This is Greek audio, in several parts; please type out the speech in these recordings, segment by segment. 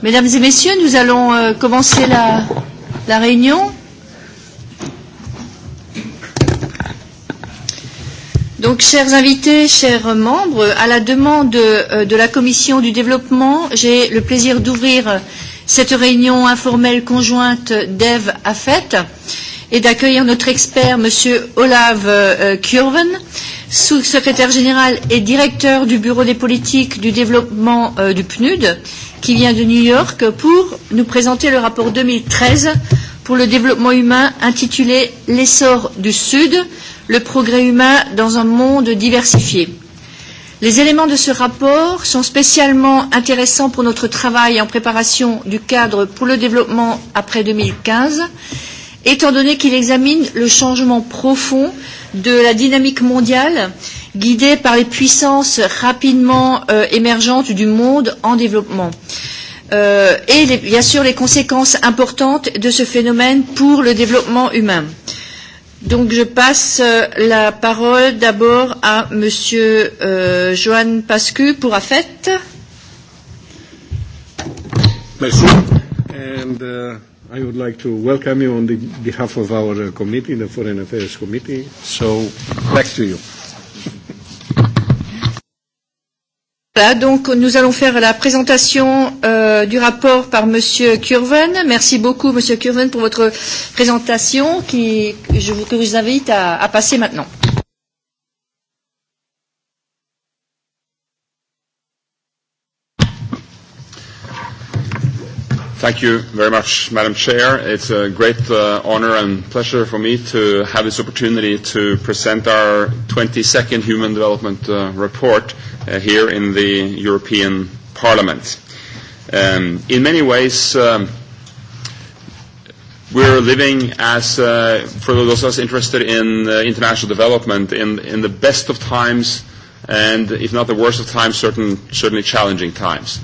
Mesdames et messieurs, nous allons commencer la, la réunion. Donc, chers invités, chers membres, à la demande de la Commission du développement, j'ai le plaisir d'ouvrir cette réunion informelle conjointe d'Ève Affet et d'accueillir notre expert, M. Olav Kurven, sous-secrétaire général et directeur du Bureau des politiques du développement du PNUD, qui vient de New York pour nous présenter le rapport 2013 pour le développement humain intitulé L'essor du Sud, le progrès humain dans un monde diversifié. Les éléments de ce rapport sont spécialement intéressants pour notre travail en préparation du cadre pour le développement après 2015, étant donné qu'il examine le changement profond de la dynamique mondiale guidée par les puissances rapidement émergentes du monde en développement et bien sûr les conséquences importantes de ce phénomène pour le développement humain. Donc je passe la parole d'abord à Monsieur euh, Johan Pascu pour AFET. Merci. And uh, I would like to welcome you on the behalf of our committee, the Foreign Affairs Committee. So back to you. Voilà, donc nous allons faire la présentation du rapport par Monsieur Curven. Merci beaucoup, Monsieur Curven, pour votre présentation qui, je vous, que invite à passer maintenant. Thank you very much, Madam Chair. It's a great honor and pleasure for me to have this opportunity to present our 22nd Human Development Report here in the European Parliament. In many ways, we're living as, for those of us interested in international development, in in the best of times and, if not the worst of times, certain certainly challenging times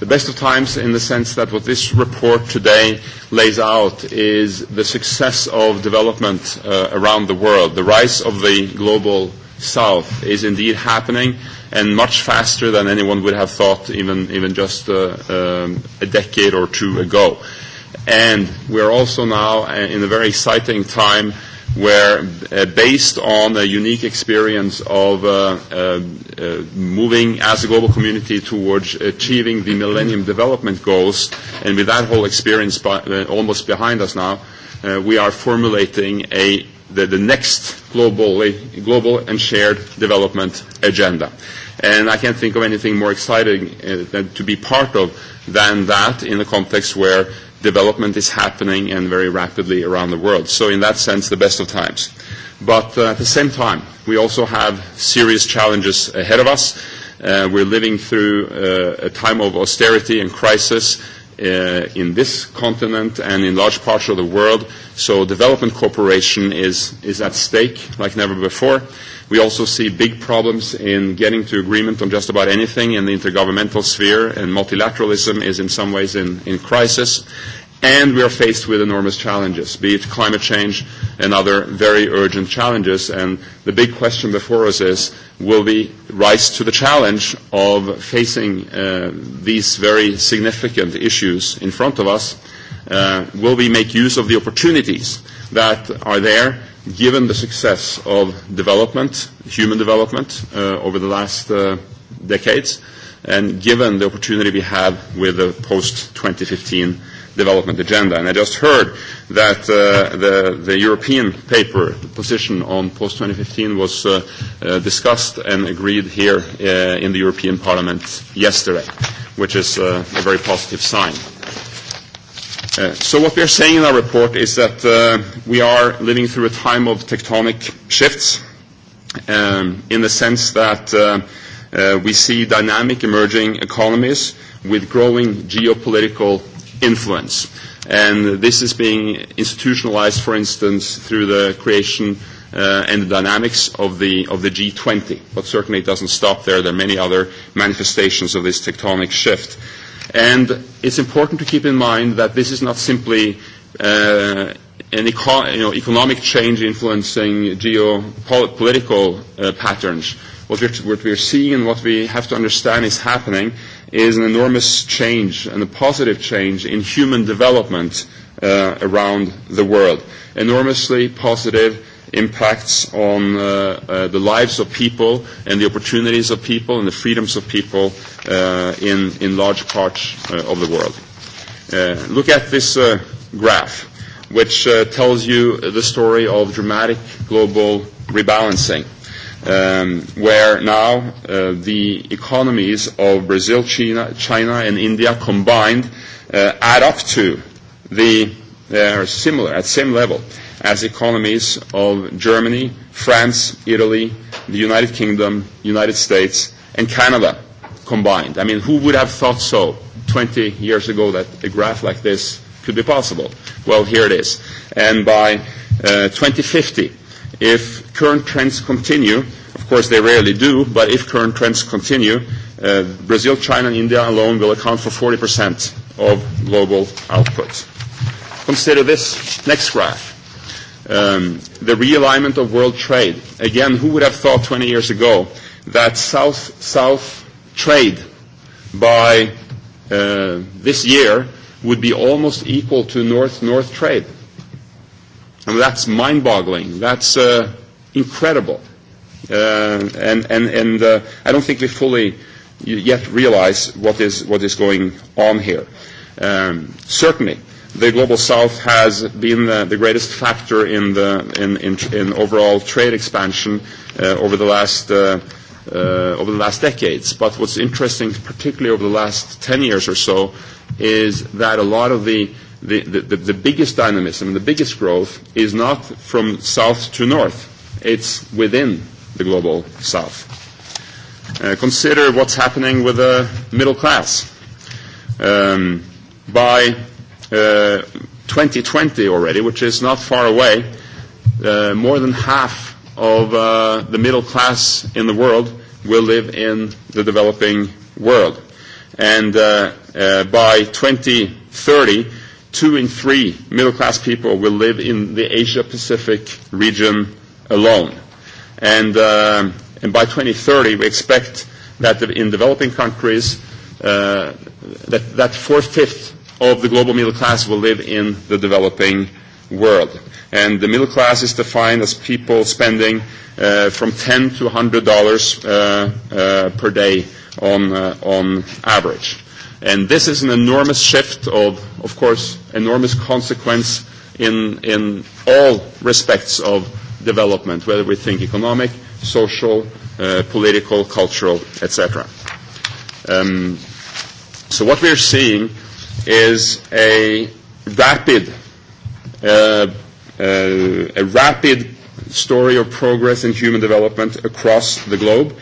the best of times in the sense that what this report today lays out is the success of development around the world. The rise of the global south is indeed happening and much faster than anyone would have thought even even just a decade or two ago. And we are also now in a very exciting time Where based on a unique experience of moving as a global community towards achieving the Millennium Development Goals. And with that whole experience almost behind us now, we are formulating a the next global and shared development agenda. And I can't think of anything more exciting than to be part of than that in a context where development is happening and very rapidly around the world. So in that sense, the best of times. But at the same time, we also have serious challenges ahead of us. We're living through a time of austerity and crisis in this continent and in large parts of the world. So development cooperation is at stake like never before. We also see big problems in getting to agreement on just about anything in the intergovernmental sphere, and multilateralism is in some ways in crisis and we are faced with enormous challenges, be it climate change and other very urgent challenges. And the big question before us is, will we rise to the challenge of facing these very significant issues in front of us? Will we make use of the opportunities that are there, given the success of development, human development, over the last decades, and given the opportunity we have with the post-2015 development agenda. And I just heard that the the European paper the position on post 2015 was discussed and agreed here in the European Parliament yesterday, which is a very positive sign. So what we are saying in our report is that we are living through a time of tectonic shifts in the sense that we see dynamic emerging economies with growing geopolitical influence. And this is being institutionalized, for instance, through the creation and the dynamics of the of the G20. But certainly it doesn't stop there. There are many other manifestations of this tectonic shift. And it's important to keep in mind that this is not simply an economic change influencing geopolitical patterns. What we're seeing and what we have to understand is happening is an enormous change and a positive change in human development around the world. Enormously positive impacts on the lives of people and the opportunities of people and the freedoms of people in in large parts of the world. Look at this graph, which tells you the story of dramatic global rebalancing where now the economies of Brazil, China China and India combined add up to the are similar at same level as economies of Germany, France, Italy, the United Kingdom, United States and Canada combined. I mean, who would have thought so 20 years ago that a graph like this could be possible? Well, here it is. And by 2050 If current trends continue, of course they rarely do, but if current trends continue, Brazil, China and India alone will account for 40% of global output. Consider this next graph. The realignment of world trade. Again, who would have thought 20 years ago that South-South trade by this year would be almost equal to North-North trade? And that's mind-boggling. That's incredible. And and and I don't think we fully yet realize what is what is going on here. Certainly, the global south has been the greatest factor in the in in overall trade expansion over the last over the last decades. But what's interesting, particularly over the last 10 years or so, is that a lot of the the biggest dynamism and the biggest growth is not from south to north. It's within the global south. Consider what's happening with the middle class. By 2020 already, which is not far away, more than half of the middle class in the world will live in the developing world. And by 2030, two in three middle class people will live in the Asia Pacific region alone. And and by 2030 we expect that in developing countries that that four fifth of the global middle class will live in the developing world. And the middle class is defined as people spending from 10 to 100 dollars per day on on average. And this is an enormous shift of, of course, enormous consequence in, in all respects of development, whether we think economic, social, political, cultural, etc. Um, so what we're seeing is a rapid, a rapid story of progress in human development across the globe.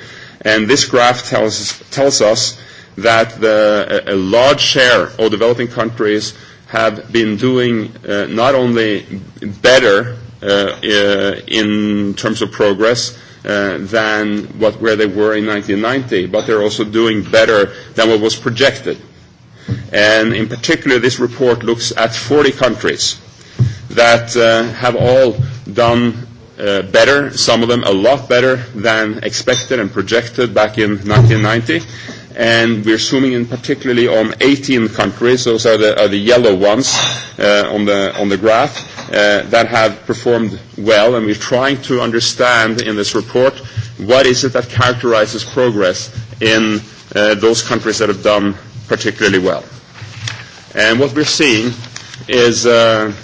And this graph tells, tells us that the, a large share of developing countries have been doing not only better in terms of progress than what where they were in 1990, but they're also doing better than what was projected. And in particular, this report looks at 40 countries that have all done better, some of them a lot better than expected and projected back in 1990 and we're zooming in particularly on 18 countries. Those are the, the yellow ones on, the, on the graph that have performed well, and we're trying to understand in this report what is it that characterizes progress in those countries that have done particularly well. And what we're seeing is that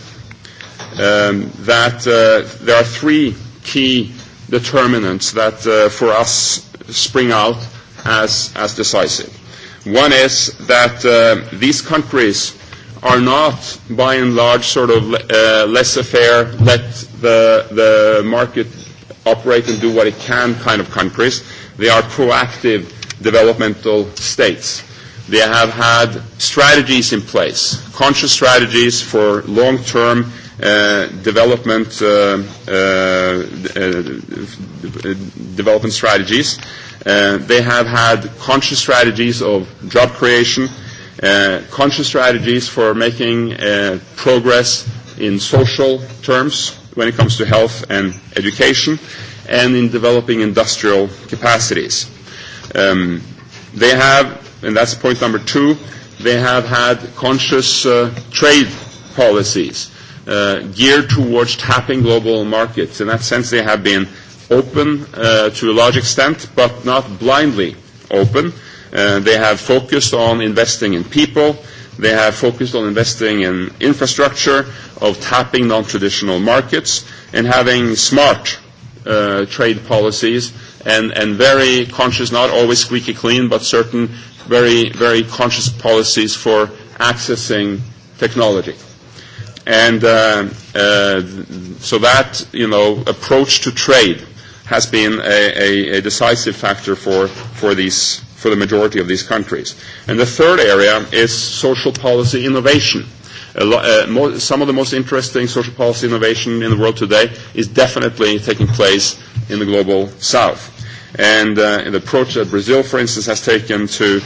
there are three key determinants that for us spring out as as decisive. One is that these countries are not by and large sort of less affair, let the the market operate and do what it can kind of countries. They are proactive developmental states. They have had strategies in place, conscious strategies for long-term development development strategies They have had conscious strategies of job creation, conscious strategies for making progress in social terms when it comes to health and education, and in developing industrial capacities. They have, and that's point number two, they have had conscious trade policies geared towards tapping global markets. In that sense, they have been open to a large extent, but not blindly open. They have focused on investing in people. They have focused on investing in infrastructure, of tapping non-traditional markets, and having smart trade policies and very conscious, not always squeaky clean, but certain very, very conscious policies for accessing technology. And so that, you know, approach to trade has been a decisive factor for for these for the majority of these countries. And the third area is social policy innovation. Some of the most interesting social policy innovation in the world today is definitely taking place in the global south. And the approach that Brazil, for instance, has taken to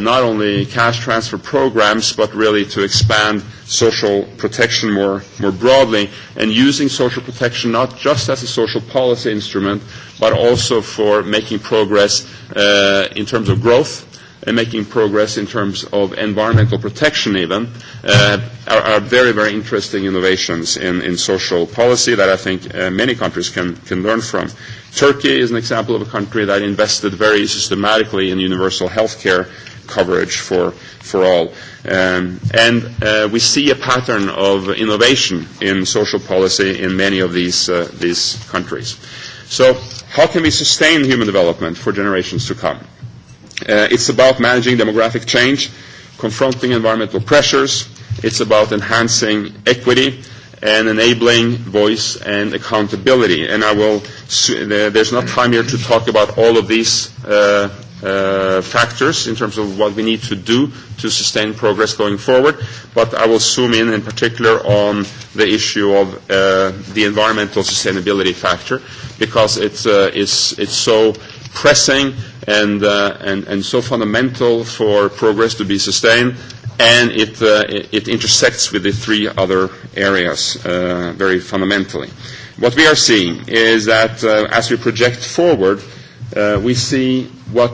not only cash transfer programs, but really to expand social protection more broadly, and using social protection not just as a social policy instrument, but also for making progress in terms of growth making progress in terms of environmental protection even, are very, very interesting innovations in social policy that I think many countries can learn from. Turkey is an example of a country that invested very systematically in universal health care coverage for all. And we see a pattern of innovation in social policy in many of these countries. So how can we sustain human development for generations to come? It's about managing demographic change, confronting environmental pressures. It's about enhancing equity and enabling voice and accountability. And I will, there's not time here to talk about all of these factors in terms of what we need to do to sustain progress going forward, but I will zoom in in particular on the issue of the environmental sustainability factor because it's so pressing and and so fundamental for progress to be sustained and it it intersects with the three other areas very fundamentally. What we are seeing is that as we project forward we see what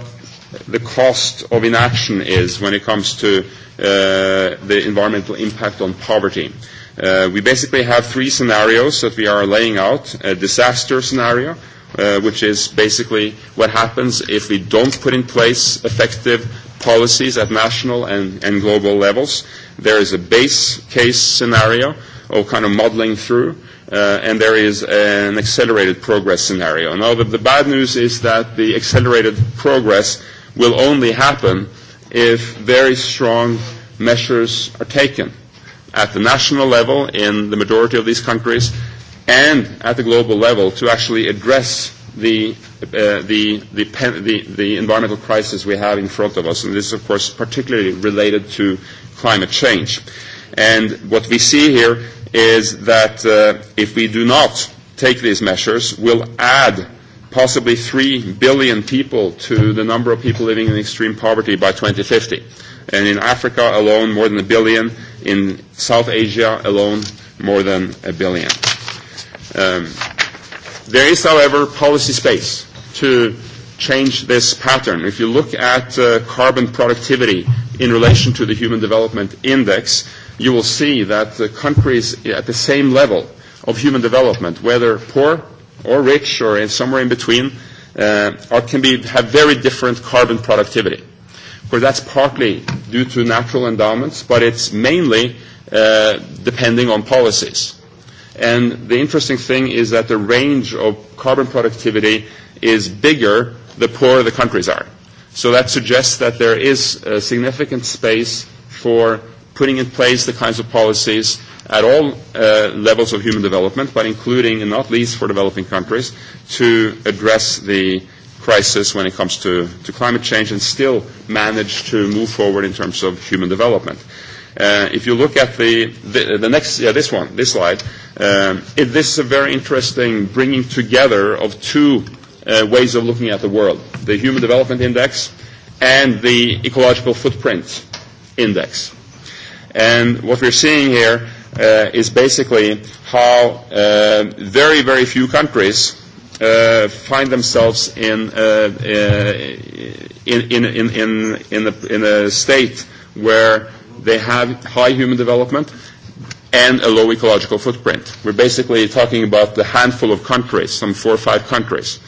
the cost of inaction is when it comes to the environmental impact on poverty. We basically have three scenarios that we are laying out. A disaster scenario which is basically what happens if we don't put in place effective policies at national and global levels. There is a base case scenario of kind of modeling through, and there is an accelerated progress scenario. Now, the bad news is that the accelerated progress will only happen if very strong measures are taken at the national level in the majority of these countries and at the global level to actually address the the the the environmental crisis we have in front of us and this is of course particularly related to climate change and what we see here is that if we do not take these measures we'll add possibly 3 billion people to the number of people living in extreme poverty by 2050 and in Africa alone more than a billion in South Asia alone more than a billion There is, however, policy space to change this pattern. If you look at carbon productivity in relation to the Human Development Index, you will see that countries at the same level of human development, whether poor or rich or somewhere in between, can be have very different carbon productivity. Of course, that's partly due to natural endowments, but it's mainly depending on policies. And the interesting thing is that the range of carbon productivity is bigger the poorer the countries are. So that suggests that there is a significant space for putting in place the kinds of policies at all levels of human development, but including and not least for developing countries, to address the crisis when it comes to climate change and still manage to move forward in terms of human development. If you look at the the next, yeah, this one, this slide, this is a very interesting bringing together of two ways of looking at the world: the Human Development Index and the Ecological Footprint Index. And what we're seeing here is basically how very, very few countries find themselves in in in in in a state where They have high human development and a low ecological footprint. We're basically talking about the handful of countries, some four or five countries.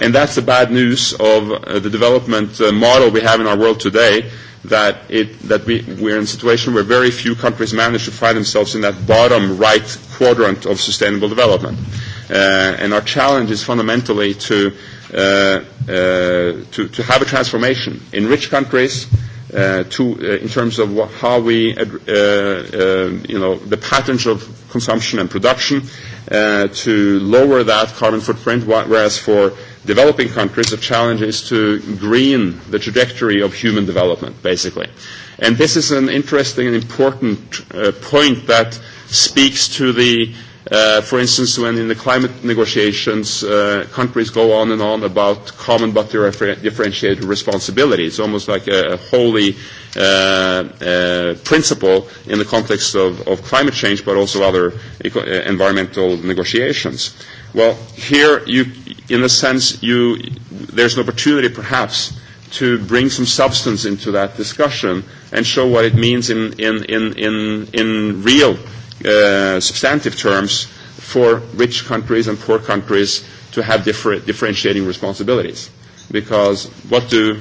And that's the bad news of the development model we have in our world today, that it that we we're in a situation where very few countries manage to find themselves in that bottom right quadrant of sustainable development. And our challenge is fundamentally to to have a transformation in rich countries to in terms of how we, you know, the patterns of consumption and production to lower that carbon footprint, whereas for developing countries, the challenge is to green the trajectory of human development, basically. And this is an interesting and important point that speaks to the For instance, when in the climate negotiations, countries go on and on about common but differentiated responsibility. It's almost like a holy principle in the context of climate change, but also other environmental negotiations. Well, here, in a sense, there's an opportunity, perhaps, to bring some substance into that discussion and show what it means in real substantive terms for rich countries and poor countries to have differentiating responsibilities. Because what do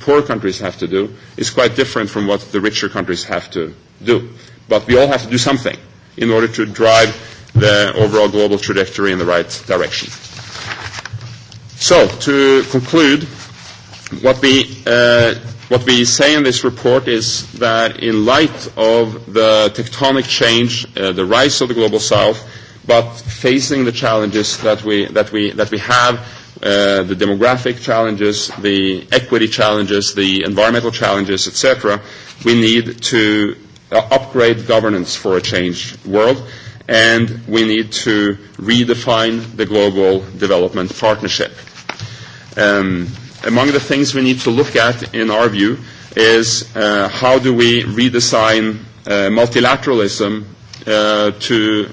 poor countries have to do is quite different from what the richer countries have to do. But we all have to do something in order to drive the overall global trajectory in the right direction. So, to conclude, what we What we say in this report is that in light of the tectonic change, the rise of the global south, but facing the challenges that we that we that we have, the demographic challenges, the equity challenges, the environmental challenges, etc., we need to upgrade governance for a changed world, and we need to redefine the global development partnership. Um among the things we need to look at, in our view, is how do we redesign multilateralism to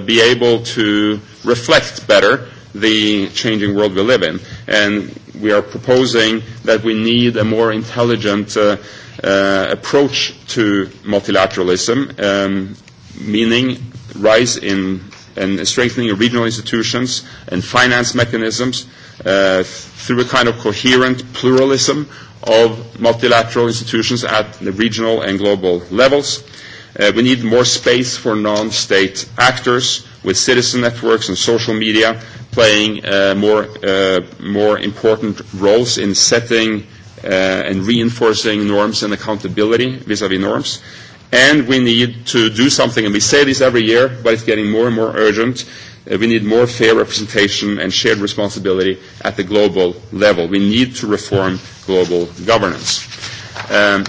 be able to reflect better the changing world we live in. And we are proposing that we need a more intelligent approach to multilateralism, meaning rise in and strengthening regional institutions and finance mechanisms through a kind of coherent pluralism of multilateral institutions at the regional and global levels. We need more space for non-state actors with citizen networks and social media playing more more important roles in setting and reinforcing norms and accountability vis-à-vis norms and we need to do something, and we say this every year, but it's getting more and more urgent. We need more fair representation and shared responsibility at the global level. We need to reform global governance.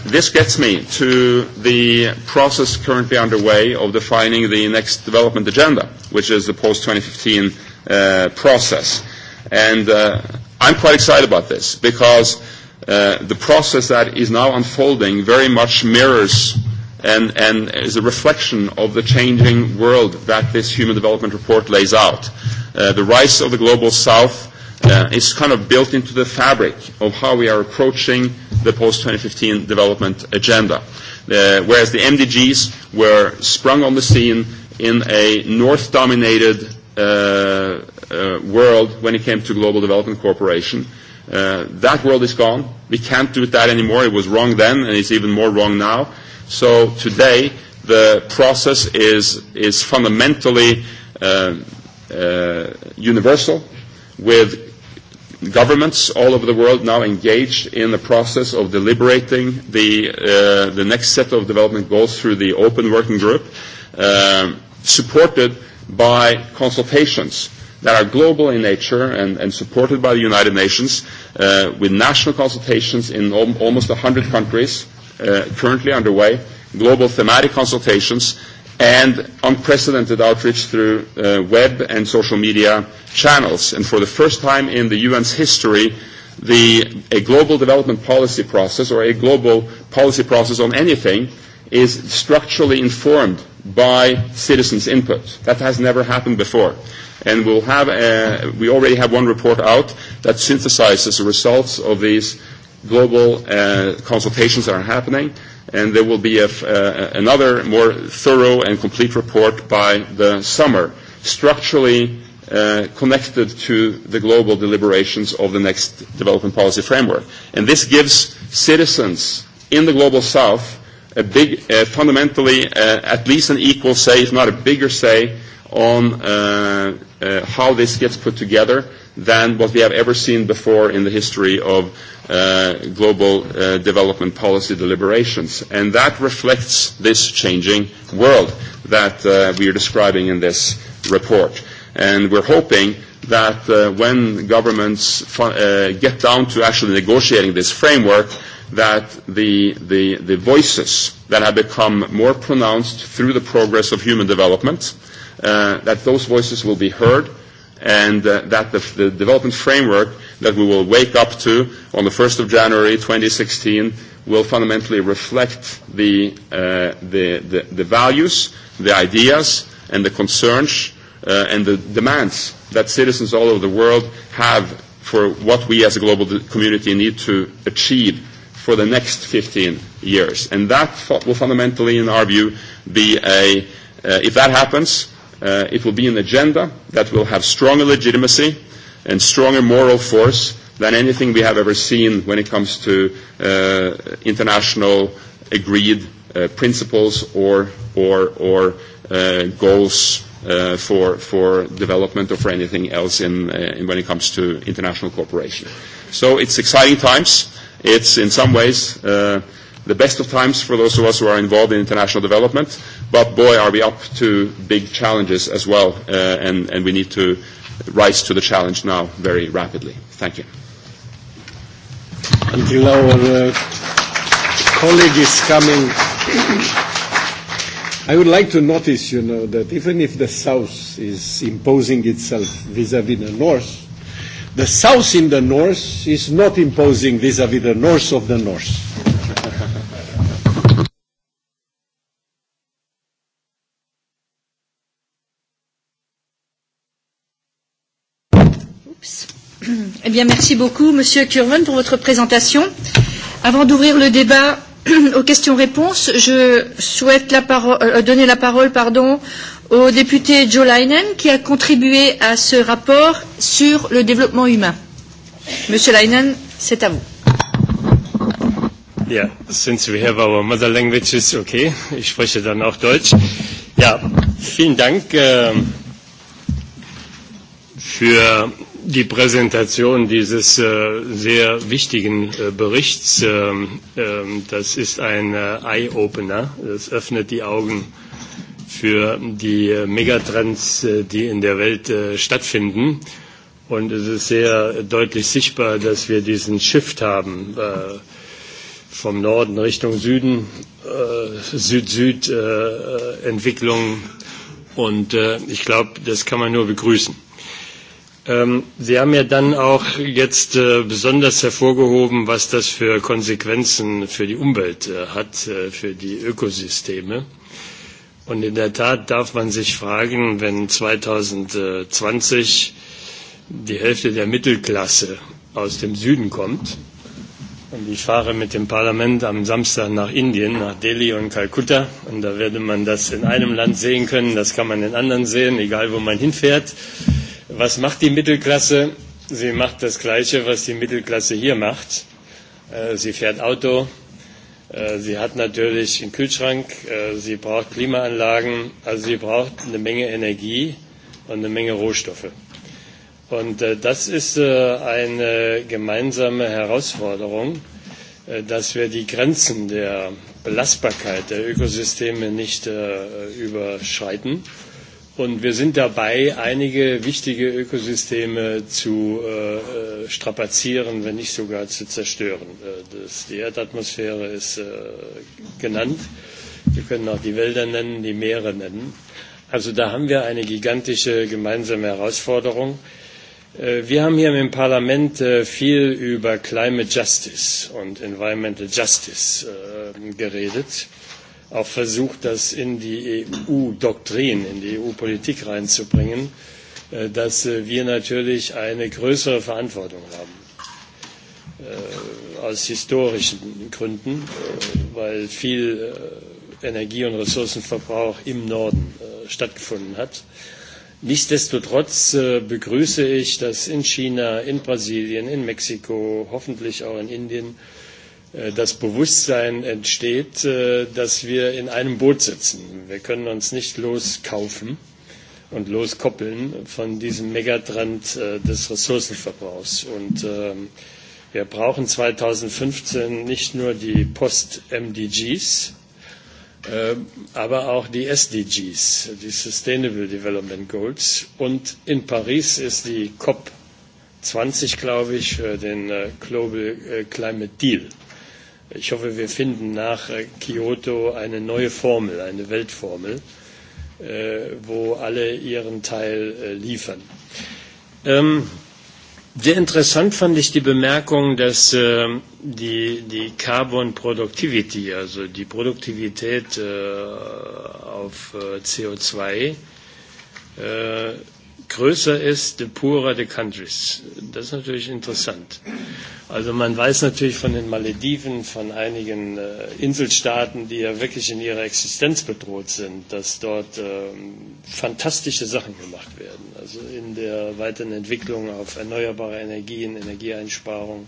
This gets me to the process currently underway of defining the next development agenda, which is the post-2015 process. And I'm quite excited about this because the process that is now unfolding very much mirrors and and is a reflection of the changing world that this Human Development Report lays out. The rise of the Global South is kind of built into the fabric of how we are approaching the post-2015 development agenda, whereas the MDGs were sprung on the scene in a North-dominated world when it came to global development cooperation That world is gone. We can't do that anymore. It was wrong then, and it's even more wrong now. So today, the process is is fundamentally universal, with governments all over the world now engaged in the process of deliberating the the next set of development goals through the open working group, supported by consultations that are global in nature and supported by the United Nations with national consultations in almost 100 countries currently underway, global thematic consultations, and unprecedented outreach through web and social media channels. And for the first time in the UN's history, a global development policy process or a global policy process on anything is structurally informed by citizens' input. That has never happened before. And we'll have, we already have one report out that synthesizes the results of these global consultations that are happening, and there will be another more thorough and complete report by the summer, structurally connected to the global deliberations of the next development policy framework. And this gives citizens in the global south a big, fundamentally, at least an equal say, if not a bigger say, on how this gets put together than what we have ever seen before in the history of global development policy deliberations. And that reflects this changing world that we are describing in this report. And we're hoping that when governments get down to actually negotiating this framework, that the the the voices that have become more pronounced through the progress of human development that those voices will be heard and that the development framework that we will wake up to on the 1st of January 2016 will fundamentally reflect the the the values the ideas and the concerns and the demands that citizens all over the world have for what we as a global community need to achieve for the next 15 years. And that will fundamentally, in our view, be a, if that happens, it will be an agenda that will have stronger legitimacy and stronger moral force than anything we have ever seen when it comes to international agreed principles or or or goals for for development or for anything else in when it comes to international cooperation. So it's exciting times. It's in some ways the best of times for those of us who are involved in international development, but boy, are we up to big challenges as well, and we need to rise to the challenge now very rapidly. Thank you. Until our colleague is coming, I would like to notice, you know, that even if the South is imposing itself vis-à-vis the North, the south in the north is not imposing vis-à-vis the north of the north. Eh bien, merci beaucoup, Monsieur Curven, pour votre présentation. Avant d'ouvrir le débat aux questions-réponses, je souhaite la donner la parole pardon, au député Joe Leinen qui a contribué à ce rapport sur le développement humain. Monsieur Leinen, c'est à vous. Yeah, since we have our mother languages, okay, ich spreche dann auch Deutsch. Ja, vielen Dank für die Präsentation dieses sehr wichtigen Berichts. Das ist ein Eye-Opener, das öffnet die Augen für die Megatrends, die in der Welt stattfinden. Und es ist sehr deutlich sichtbar, dass wir diesen Shift haben vom Norden Richtung Süden, Süd-Süd-Entwicklung. Und ich glaube, das kann man nur begrüßen. Sie haben ja dann auch jetzt besonders hervorgehoben, was das für Konsequenzen für die Umwelt hat, für die Ökosysteme. Und in der Tat darf man sich fragen, wenn 2020 die Hälfte der Mittelklasse aus dem Süden kommt, und ich fahre mit dem Parlament am Samstag nach Indien, nach Delhi und Kalkutta, und da werde man das in einem Land sehen können, das kann man in anderen sehen, egal wo man hinfährt. Was macht die Mittelklasse? Sie macht das Gleiche, was die Mittelklasse hier macht. Sie fährt Auto, Sie hat natürlich einen Kühlschrank, sie braucht Klimaanlagen, also sie braucht eine Menge Energie und eine Menge Rohstoffe. Und das ist eine gemeinsame Herausforderung, dass wir die Grenzen der Belastbarkeit der Ökosysteme nicht überschreiten Und wir sind dabei, einige wichtige Ökosysteme zu strapazieren, wenn nicht sogar zu zerstören. Die Erdatmosphäre ist genannt. Wir können auch die Wälder nennen, die Meere nennen. Also da haben wir eine gigantische gemeinsame Herausforderung. Wir haben hier im Parlament viel über Climate Justice und Environmental Justice geredet auch versucht, das in die EU-Doktrin, in die EU-Politik reinzubringen, dass wir natürlich eine größere Verantwortung haben. Aus historischen Gründen, weil viel Energie- und Ressourcenverbrauch im Norden stattgefunden hat. Nichtsdestotrotz begrüße ich, dass in China, in Brasilien, in Mexiko, hoffentlich auch in Indien das Bewusstsein entsteht, dass wir in einem Boot sitzen. Wir können uns nicht loskaufen und loskoppeln von diesem Megatrend des Ressourcenverbrauchs. Und wir brauchen 2015 nicht nur die Post-MDGs, aber auch die SDGs, die Sustainable Development Goals. Und in Paris ist die COP 20, glaube ich, den Global Climate Deal Ich hoffe, wir finden nach Kyoto eine neue Formel, eine Weltformel, wo alle ihren Teil liefern. Sehr interessant fand ich die Bemerkung, dass die Carbon Productivity, also die Produktivität auf CO2, größer ist, the poorer the countries. Das ist natürlich interessant. Also man weiß natürlich von den Malediven, von einigen Inselstaaten, die ja wirklich in ihrer Existenz bedroht sind, dass dort fantastische Sachen gemacht werden. Also in der weiteren Entwicklung auf erneuerbare Energien, Energieeinsparung.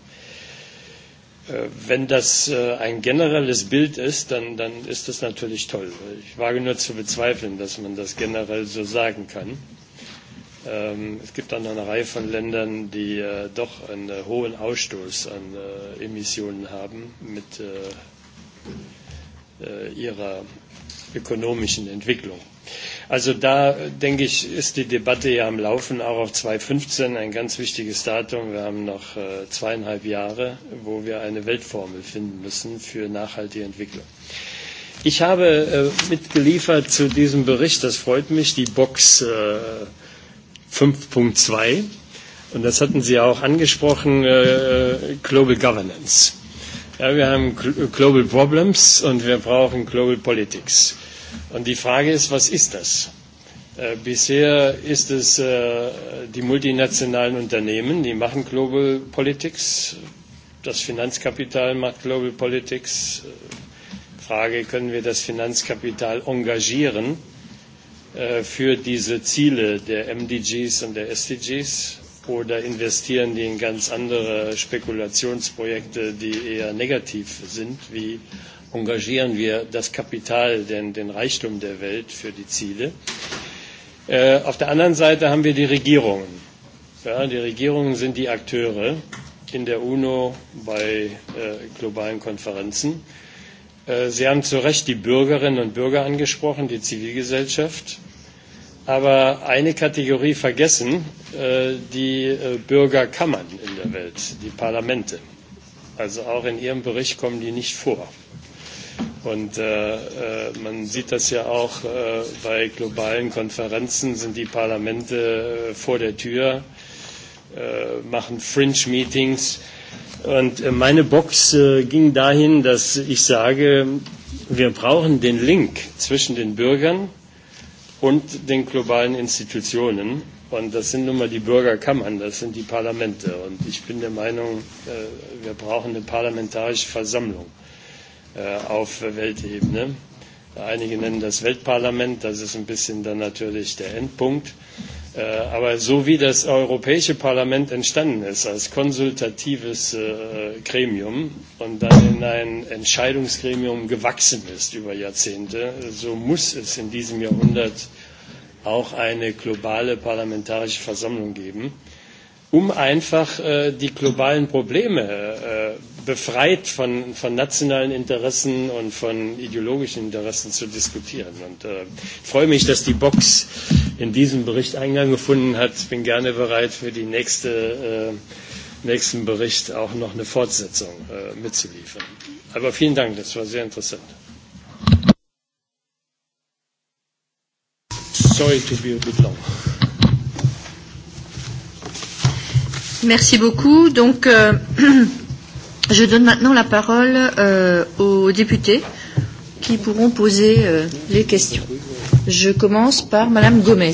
Wenn das ein generelles Bild ist, dann ist das natürlich toll. Ich wage nur zu bezweifeln, dass man das generell so sagen kann. Es gibt dann eine Reihe von Ländern, die doch einen hohen Ausstoß an Emissionen haben mit ihrer ökonomischen Entwicklung. Also da, denke ich, ist die Debatte ja am Laufen, auch auf 2015 ein ganz wichtiges Datum. Wir haben noch zweieinhalb Jahre, wo wir eine Weltformel finden müssen für nachhaltige Entwicklung. Ich habe mitgeliefert zu diesem Bericht, das freut mich, die Box 5.2. Und das hatten Sie auch angesprochen, Global Governance. Ja, wir haben Global Problems und wir brauchen Global Politics. Und die Frage ist, was ist das? Bisher ist es die multinationalen Unternehmen, die machen Global Politics. Das Finanzkapital macht Global Politics. Frage, können wir das Finanzkapital engagieren? für diese Ziele der MDGs und der SDGs oder investieren die in ganz andere Spekulationsprojekte, die eher negativ sind? Wie engagieren wir das Kapital, denn den Reichtum der Welt für die Ziele? Auf der anderen Seite haben wir die Regierungen. Die Regierungen sind die Akteure in der UNO bei globalen Konferenzen. Sie haben zu Recht die Bürgerinnen und Bürger angesprochen, die Zivilgesellschaft, aber eine Kategorie vergessen, die Bürgerkammern in der Welt, die Parlamente. Also auch in Ihrem Bericht kommen die nicht vor. Und man sieht das ja auch bei globalen Konferenzen, sind die Parlamente vor der Tür machen Fringe Meetings. Und meine Box ging dahin, dass ich sage, wir brauchen den Link zwischen den Bürgern und den globalen Institutionen. Und das sind nun mal die Bürgerkammern, das sind die Parlamente. Und ich bin der Meinung, wir brauchen eine parlamentarische Versammlung auf Weltebene. Einige nennen das Weltparlament, das ist ein bisschen dann natürlich der Endpunkt. Aber so wie das Europäische Parlament entstanden ist, als konsultatives Gremium und dann in ein Entscheidungsgremium gewachsen ist über Jahrzehnte, so muss es in diesem Jahrhundert auch eine globale parlamentarische Versammlung geben um einfach die globalen Probleme befreit von nationalen Interessen und von ideologischen Interessen zu diskutieren. Und ich freue mich, dass die Box in diesem Bericht Eingang gefunden hat. Ich bin gerne bereit, für den nächsten Bericht auch noch eine Fortsetzung mitzuliefern. Aber vielen Dank, das war sehr interessant. Merci beaucoup. Donc, euh, je donne maintenant la parole euh, aux députés qui pourront poser euh, les questions. Je commence par Madame Gomez.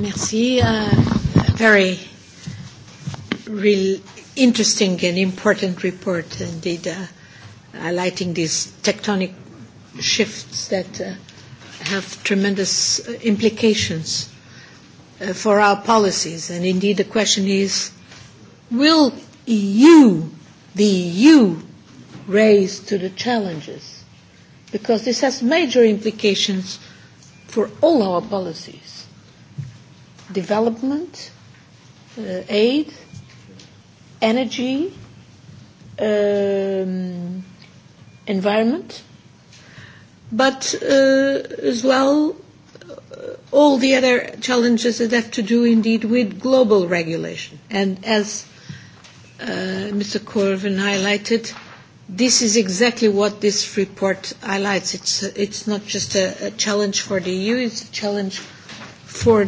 Merci. Uh, very real interesting and important report indeed, uh, highlighting these tectonic shifts that uh, have tremendous implications for our policies. And indeed the question is, will EU, the EU, raise to the challenges? Because this has major implications for all our policies. Development, aid, energy, environment, but as well all the other challenges that have to do indeed with global regulation. And as Mr. Corvin highlighted, this is exactly what this report highlights. It's, it's not just a, challenge for the EU, it's a challenge for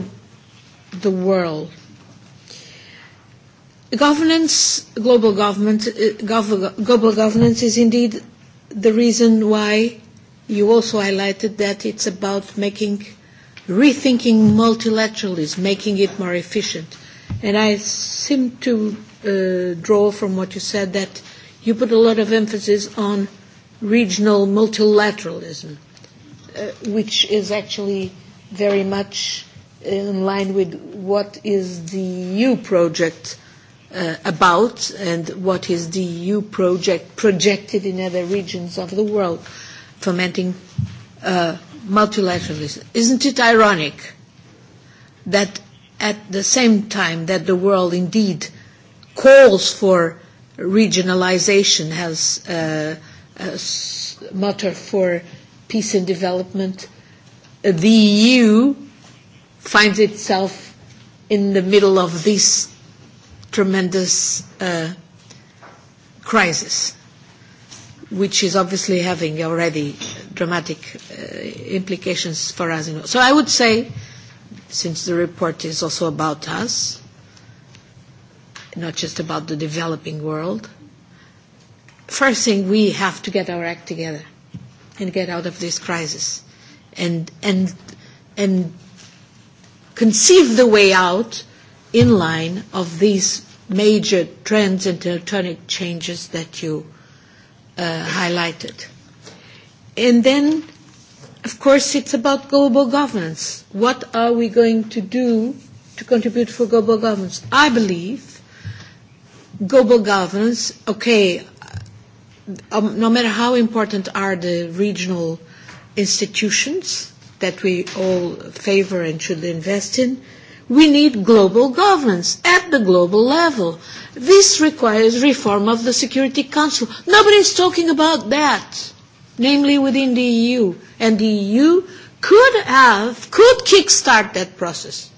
the world. Governance, global government, global governance is indeed the reason why you also highlighted that it's about making rethinking multilateralism, making it more efficient. And I seem to draw from what you said that you put a lot of emphasis on regional multilateralism, which is actually very much in line with what is the EU project about and what is the EU project projected in other regions of the world, fomenting multilateralism. Isn't it ironic that at the same time that the world indeed calls for regionalization as a matter for peace and development, the EU finds itself in the middle of this tremendous crisis, which is obviously having already dramatic implications for us. So I would say, since the report is also about us, not just about the developing world, first thing we have to get our act together and get out of this crisis and and and conceive the way out in line of these major trends and tectonic changes that you highlighted And then, of course, it's about global governance. What are we going to do to contribute for global governance? I believe global governance, okay, no matter how important are the regional institutions that we all favor and should invest in, we need global governance at the global level. This requires reform of the Security Council. Nobody is talking about that namely within the EU. And the EU could have, could kickstart that process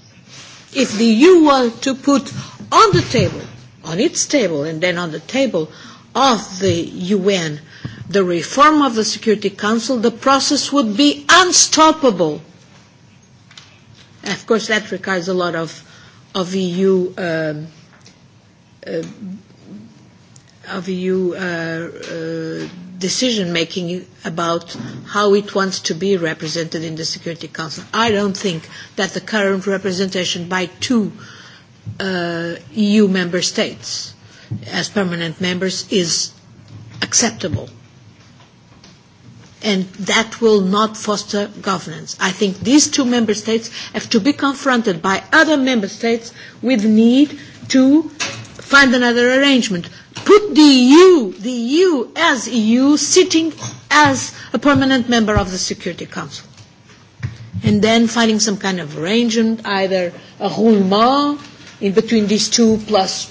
if the EU were to put on the table, on its table, and then on the table of the UN, the reform of the Security Council, the process would be unstoppable. Of course, that requires a lot of, of EU, of EU decision making about how it wants to be represented in the Security Council. I don't think that the current representation by two EU member states as permanent members is acceptable. And that will not foster governance. I think these two member states have to be confronted by other member states with need to find another arrangement put the EU, the EU as EU, sitting as a permanent member of the Security Council. And then finding some kind of arrangement, either a roulement in between these two plus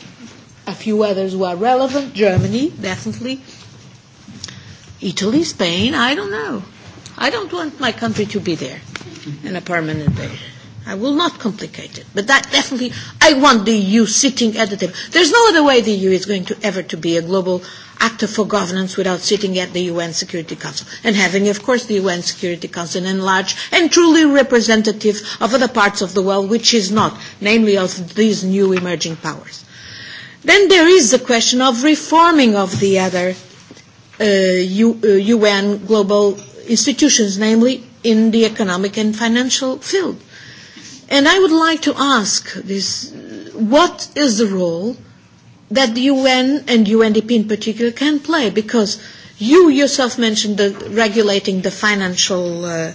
a few others who are relevant, Germany, definitely, Italy, Spain, I don't know. I don't want my country to be there in a permanent basis. I will not complicate it, but that definitely, I want the EU sitting at the table. is no other way the EU is going to ever to be a global actor for governance without sitting at the UN Security Council and having, of course, the UN Security Council enlarged and truly representative of other parts of the world, which is not, namely of these new emerging powers. Then there is the question of reforming of the other UN global institutions, namely in the economic and financial field. And I would like to ask this, what is the role that the UN and UNDP in particular can play? Because you yourself mentioned the regulating the financial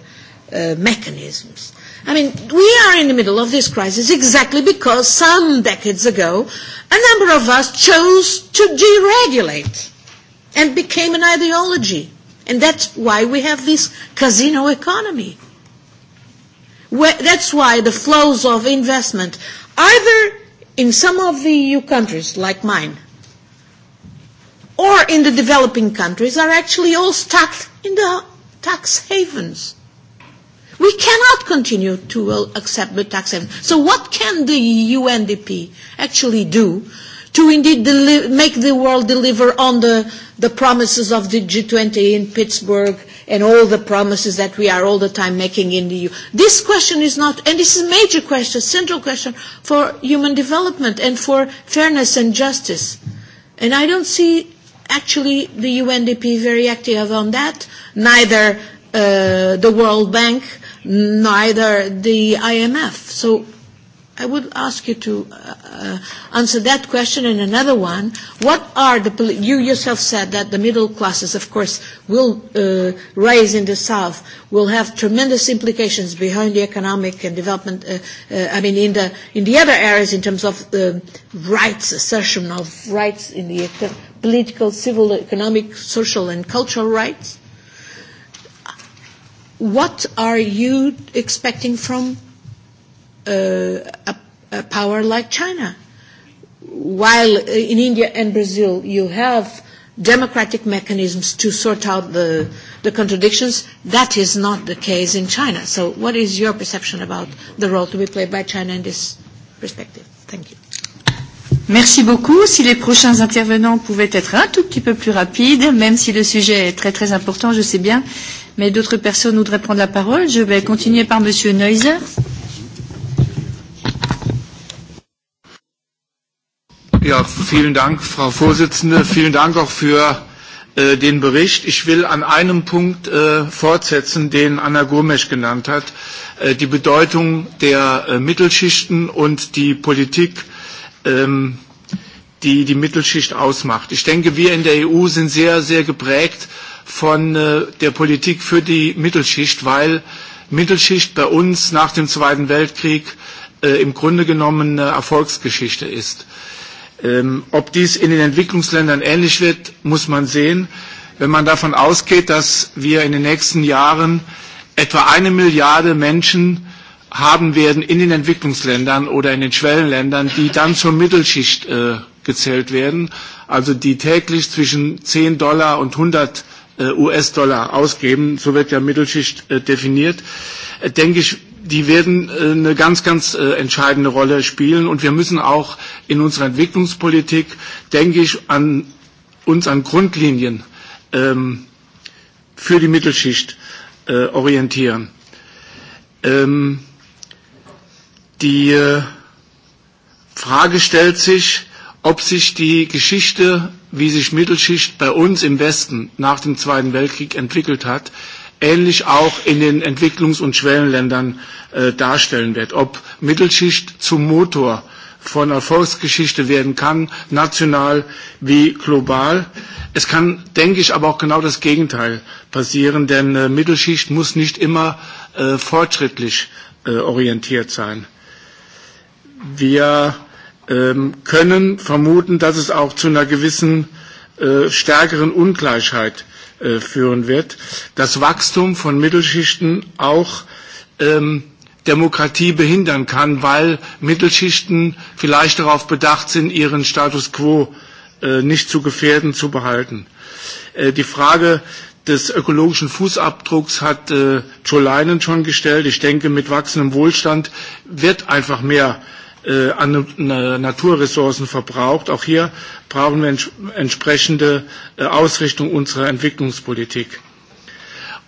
mechanisms. I mean, we are in the middle of this crisis exactly because some decades ago a number of us chose to deregulate and became an ideology. And that's why we have this casino economy. That's why the flows of investment, either in some of the EU countries, like mine, or in the developing countries, are actually all stuck in the tax havens. We cannot continue to accept the tax havens. So what can the UNDP actually do to indeed make the world deliver on the the promises of the G20 in Pittsburgh and all the promises that we are all the time making in the EU. This question is not, and this is a major question, a central question for human development and for fairness and justice. And I don't see actually the UNDP very active on that, neither the World Bank, neither the IMF. So I would ask you to answer that question and another one. What are the, you yourself said that the middle classes, of course, will rise in the south, will have tremendous implications behind the economic and development, I mean, in the, in the other areas in terms of rights, assertion of rights in the political, civil, economic, social and cultural rights. What are you expecting from uh a power like China. While in India and Brazil you have democratic mechanisms to sort out the the contradictions, that is not the case in China. So what is your perception about the role to be played by China in this perspective? Thank you. Merci beaucoup. Si les prochains intervenants pouvaient être un tout petit peu plus rapides, même si le sujet est très très important, je sais bien, mais d'autres personnes voudraient prendre la parole. Je vais continuer par Monsieur Neuser. Ja, vielen Dank, Frau Vorsitzende. Vielen Dank auch für den Bericht. Ich will an einem Punkt fortsetzen, den Anna Gomes genannt hat, die Bedeutung der Mittelschichten und die Politik, die die Mittelschicht ausmacht. Ich denke, wir in der EU sind sehr, sehr geprägt von der Politik für die Mittelschicht, weil Mittelschicht bei uns nach dem Zweiten Weltkrieg im Grunde genommen eine Erfolgsgeschichte ist. Ob dies in den Entwicklungsländern ähnlich wird, muss man sehen. Wenn man davon ausgeht, dass wir in den nächsten Jahren etwa eine Milliarde Menschen haben werden in den Entwicklungsländern oder in den Schwellenländern, die dann zur Mittelschicht gezählt werden, also die täglich zwischen 10 Dollar und 100 US-Dollar ausgeben, so wird ja Mittelschicht definiert, denke ich, die werden eine ganz, ganz entscheidende Rolle spielen. Und wir müssen auch in unserer Entwicklungspolitik, denke ich, an uns an Grundlinien für die Mittelschicht orientieren. Die Frage stellt sich, ob sich die Geschichte, wie sich Mittelschicht bei uns im Westen nach dem Zweiten Weltkrieg entwickelt hat, ähnlich auch in den Entwicklungs- und Schwellenländern darstellen wird. Ob Mittelschicht zum Motor von Erfolgsgeschichte werden kann, national wie global. Es kann, denke ich, aber auch genau das Gegenteil passieren, denn Mittelschicht muss nicht immer fortschrittlich orientiert sein. Wir können vermuten, dass es auch zu einer gewissen stärkeren Ungleichheit führen wird, das Wachstum von Mittelschichten auch Demokratie behindern kann, weil Mittelschichten vielleicht darauf bedacht sind, ihren Status quo nicht zu gefährden, zu behalten. Die Frage des ökologischen Fußabdrucks hat Joe Leinen schon gestellt. Ich denke, mit wachsendem Wohlstand wird einfach mehr an Naturressourcen verbraucht. Auch hier brauchen wir entsprechende Ausrichtung unserer Entwicklungspolitik.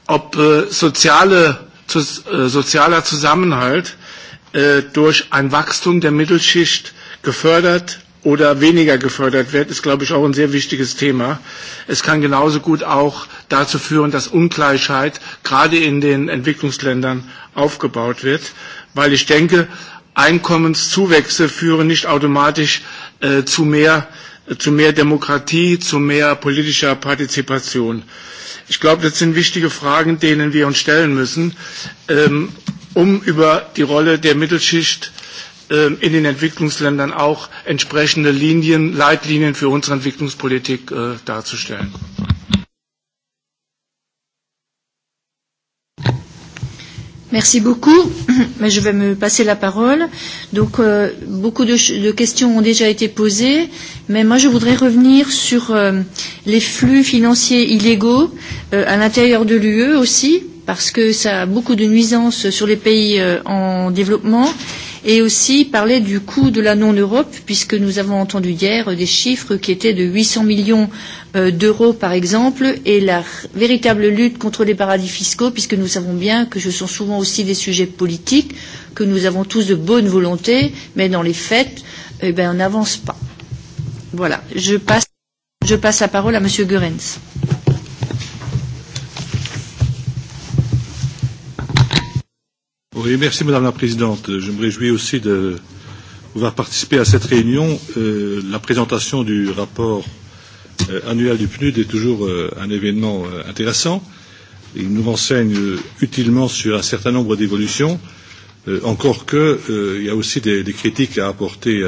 Ob sozialer Zusammenhalt durch ein Wachstum der Mittelschicht gefördert oder weniger gefördert wird, ist, glaube ich, auch ein sehr wichtiges Thema. Es kann genauso gut auch dazu führen, dass Ungleichheit gerade in den Entwicklungsländern aufgebaut wird, weil ich denke, Einkommenszuwächse führen nicht automatisch zu mehr Demokratie, zu mehr politischer Partizipation. Ich glaube, das sind wichtige Fragen, denen wir uns stellen müssen, um über die Rolle der Mittelschicht in den Entwicklungsländern auch entsprechende Linien, Leitlinien für unsere Entwicklungspolitik darzustellen. Merci beaucoup. Mais je vais me passer la parole. Donc, beaucoup de questions ont déjà été posées, mais moi, je voudrais revenir sur les flux financiers illégaux à l'intérieur de l'UE aussi, parce que ça a beaucoup de nuisances sur les pays en développement, et aussi parler du coût de la non-Europe, puisque nous avons entendu hier des chiffres qui étaient de 800 millions d'euros par exemple et la véritable lutte contre les paradis fiscaux puisque nous savons bien que ce sont souvent aussi des sujets politiques que nous avons tous de bonnes volontés, mais dans les faits eh ben on n'avance pas voilà je passe je passe la parole à M. Goerens Oui merci madame la présidente je me réjouis aussi de pouvoir participer à cette réunion la présentation du rapport annuel du PNUD est toujours un événement intéressant. Il nous renseigne utilement sur un certain nombre d'évolutions, encore qu'il y a aussi des critiques à apporter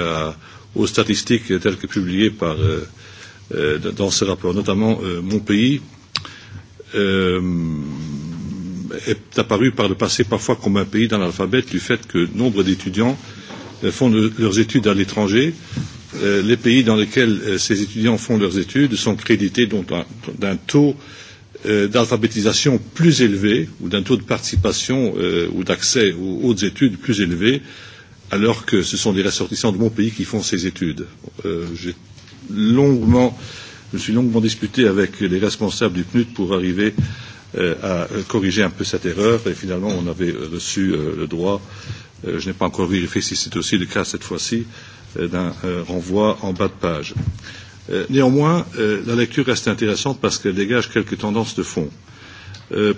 aux statistiques telles que publiées dans ce rapport, notamment mon pays est apparu par le passé parfois comme un pays dans l'alphabet du fait que nombre d'étudiants font leurs études à l'étranger les pays dans lesquels ces étudiants font leurs études sont crédités d'un taux d'alphabétisation plus élevé ou d'un taux de participation ou d'accès aux hautes études plus élevé alors que ce sont des ressortissants de mon pays qui font ces études. longuement, je me suis longuement disputé avec les responsables du PNUD pour arriver à corriger un peu cette erreur et finalement on avait reçu le droit, je n'ai pas encore vérifié si c'est aussi le cas cette fois-ci, d'un renvoi en bas de page. Néanmoins, la lecture reste intéressante parce qu'elle dégage quelques tendances de fond.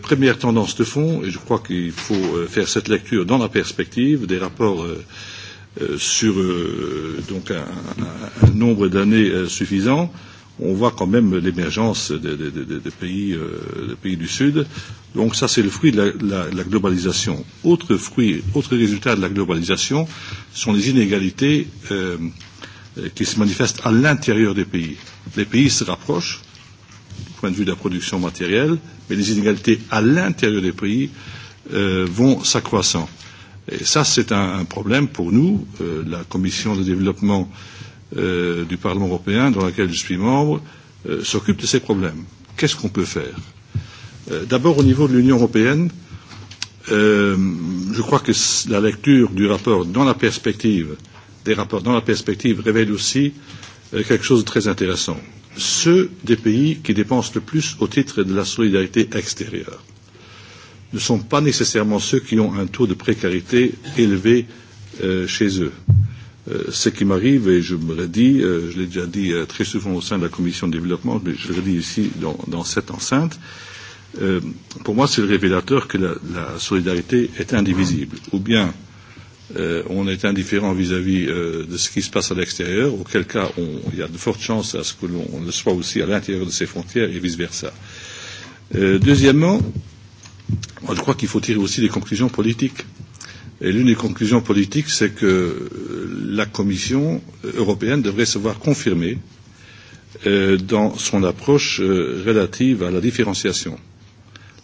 Première tendance de fond, et je crois qu'il faut faire cette lecture dans la perspective des rapports sur donc un nombre d'années suffisant, on voit quand même l'émergence des, des, pays, pays du Sud. Donc ça, c'est le fruit de la, la, la globalisation. Autre fruit, autre résultat de la globalisation sont les inégalités euh, qui se manifestent à l'intérieur des pays. Les pays se rapprochent du point de vue de la production matérielle, mais les inégalités à l'intérieur des pays euh, vont s'accroissant. Et ça, c'est un, un problème pour nous. la Commission de développement du Parlement européen, dans laquelle je suis membre, s'occupe de ces problèmes. Qu'est-ce qu'on peut faire D'abord, au niveau de l'Union européenne, je crois que la lecture du rapport dans la perspective, des rapports dans la perspective, révèle aussi quelque chose de très intéressant. Ceux des pays qui dépensent le plus au titre de la solidarité extérieure ne sont pas nécessairement ceux qui ont un taux de précarité élevé chez eux ce qui m'arrive, et je me redis euh, je l'ai déjà dit très souvent au sein de la commission de développement, mais je le redis ici dans cette enceinte, pour moi c'est le révélateur que la solidarité est indivisible. Ou bien on est indifférent vis-à-vis de ce qui se passe à l'extérieur, auquel cas il y a de fortes chances à ce que l'on le soit aussi à l'intérieur de ses frontières et vice-versa. Deuxièmement, je crois qu'il faut tirer aussi des conclusions politiques. Et l'une des conclusions politiques, c'est que la Commission européenne devrait se voir confirmée dans son approche relative à la différenciation.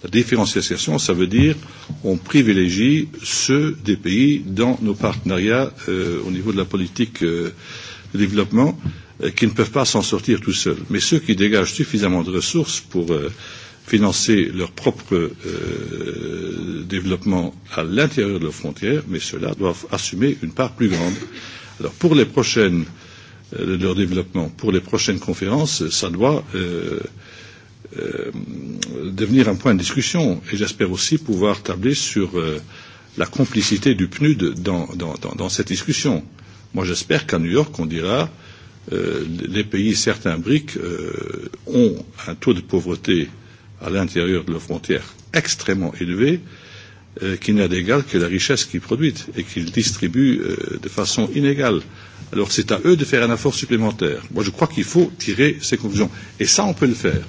La différenciation, ça veut dire qu'on privilégie ceux des pays dans nos partenariats au niveau de la politique de développement qui ne peuvent pas s'en sortir tout seuls. Mais ceux qui dégagent suffisamment de ressources pour financer leur propre développement à l'intérieur de leurs frontières, mais ceux-là doivent assumer une part plus grande Alors pour les prochaines leur développement pour les prochaines conférences, ça doit devenir un point de discussion et j'espère aussi pouvoir tabler sur la complicité du PNUD dans, dans, dans, cette discussion. Moi j'espère qu'à New York on dira les pays, certains euh, ont un taux de pauvreté à l'intérieur de leurs frontières extrêmement élevé qui n'a d'égal que la richesse qu'ils produisent et qu'ils distribuent de façon inégale. Alors c'est à eux de faire un effort supplémentaire. Moi je crois qu'il faut tirer ces conclusions. Et ça on peut le faire.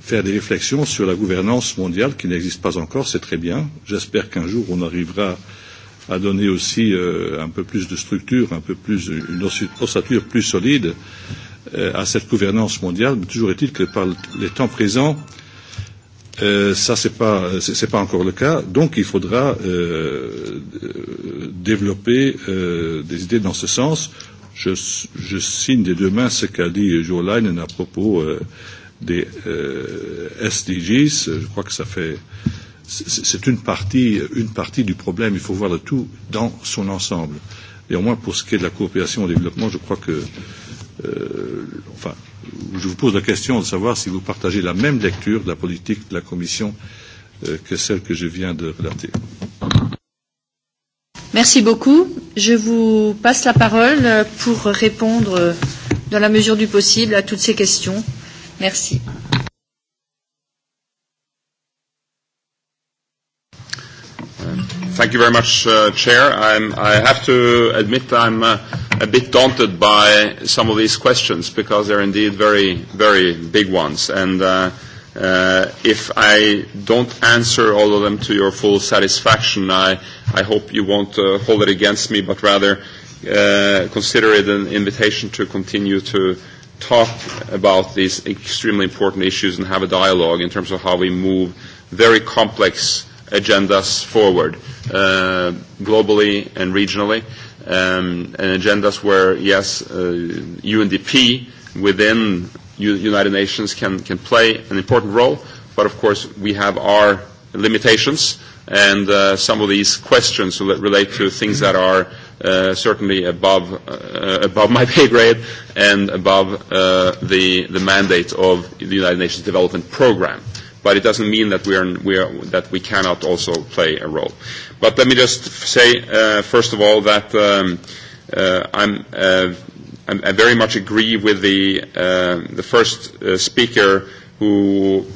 Faire des réflexions sur la gouvernance mondiale qui n'existe pas encore, c'est très bien. J'espère qu'un jour on arrivera à donner aussi un peu plus de structure, un peu plus, une ossature plus solide à cette gouvernance mondiale. Mais toujours est-il que par les temps présents, ça c'est pas c'est pas encore le cas donc il faudra développer des idées dans ce sens je je signe des deux mains ce qu'a dit Joe Leinen à propos des SDGs je crois que ça fait c'est une partie une partie du problème il faut voir le tout dans son ensemble et au moins pour ce qui est de la coopération au développement je crois que enfin, je vous pose la question de savoir si vous partagez la même lecture de la politique de la Commission que celle que je viens de relater. Merci beaucoup. Je vous passe la parole pour répondre dans la mesure du possible à toutes ces questions. Merci. Thank you very much, Chair. I'm I have to admit I'm a bit daunted by some of these questions because they're indeed very, very big ones. And if I don't answer all of them to your full satisfaction, I hope you won't hold it against me, but rather consider it an invitation to continue to talk about these extremely important issues and have a dialogue in terms of how we move very complex agendas forward globally and regionally, and agendas where, yes, UNDP within United Nations can can play an important role, but of course we have our limitations and some of these questions relate to things that are certainly above above my pay grade and above the the mandate of the United Nations Development Programme but it doesn't mean that we are we are that we cannot also play a role. But let me just say first of all that I'm I very much agree with the the first speaker who